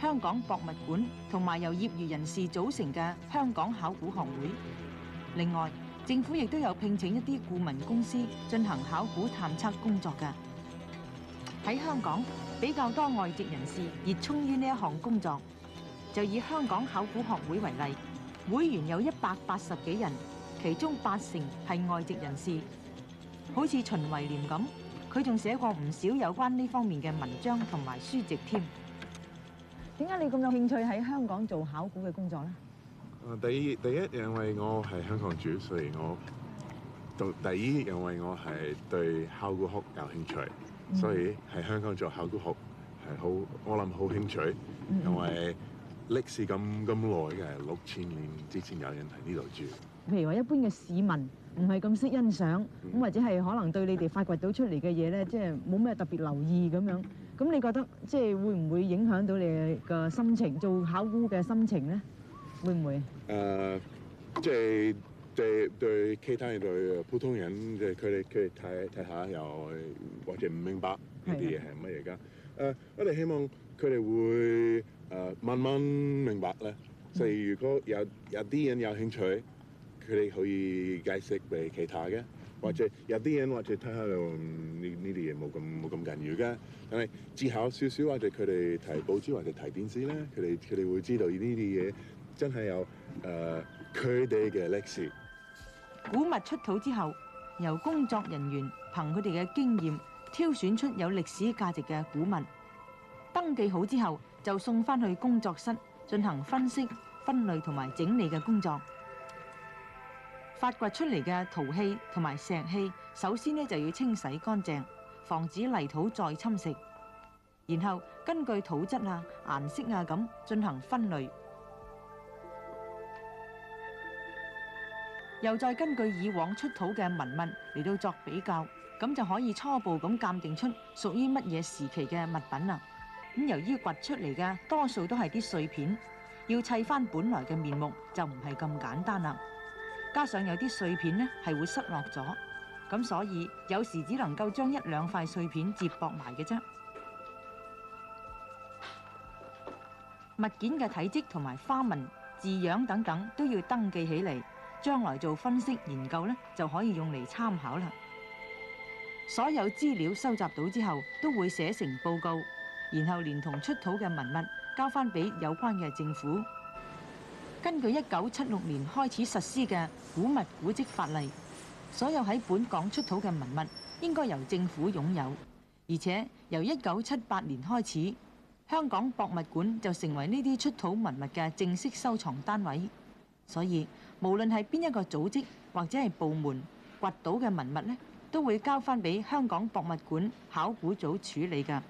香港博物館同埋由業餘人士組成嘅香港考古學會。另外，政府亦都有聘請一啲顧問公司進行考古探測工作嘅。喺香港比較多外籍人士熱衷於呢一項工作。就以香港考古學會為例，會員有一百八十幾人，其中八成係外籍人士。好似秦維廉咁，佢仲寫過唔少有關呢方面嘅文章同埋書籍添。點解你咁有興趣喺香港做考古嘅工作咧？第二、呃、第一，因為我係香港住，所以我，第第二，因為我係對考古學有興趣，所以喺香港做考古學係好，我諗好興趣，因為歷史咁咁耐嘅，六千年之前有人喺呢度住。譬如話，一般嘅市民。唔係咁識欣賞，咁或者係可能對你哋發掘到出嚟嘅嘢咧，即係冇咩特別留意咁樣。咁你覺得即係會唔會影響到你嘅心情，做考古嘅心情咧？會唔會？誒，即係對對其他人對普通人，即係佢哋佢哋睇睇下又或者唔明白呢啲嘢係乜嘢噶？誒，我哋希望佢哋會誒慢慢明白咧。所以如果有有啲人有興趣。佢哋可以解釋俾其他嘅，或者有啲人或者睇下呢呢啲嘢冇咁冇咁緊要㗎。但係之後少少或者佢哋睇報紙或者睇電視咧，佢哋佢哋會知道呢啲嘢真係有誒佢哋嘅歷史。古物出土之後，由工作人員憑佢哋嘅經驗，挑選出有歷史價值嘅古物，登記好之後就送翻去工作室進行分析、分類同埋整理嘅工作。發掘出嚟嘅陶器同埋石器，首先呢就要清洗乾淨，防止泥土再侵蝕。然後根據土質啊、顏色啊咁進行分類，又再根據以往出土嘅文物嚟到作比較，咁就可以初步咁鑒定出屬於乜嘢時期嘅物品啦。咁由於掘出嚟嘅多數都係啲碎片，要砌翻本來嘅面目就唔係咁簡單啦。加上有啲碎片呢，係會失落咗，咁所以有時只能夠將一兩塊碎片接駁埋嘅啫。物件嘅體積同埋花紋字樣等等都要登記起嚟，將來做分析研究呢，就可以用嚟參考啦。所有資料收集到之後，都會寫成報告，然後連同出土嘅文物交翻俾有關嘅政府。根據一九七六年開始實施嘅古物古蹟法例，所有喺本港出土嘅文物應該由政府擁有，而且由一九七八年開始，香港博物館就成為呢啲出土文物嘅正式收藏單位。所以，無論係邊一個組織或者係部門掘到嘅文物呢，都會交翻俾香港博物館考古組處理㗎。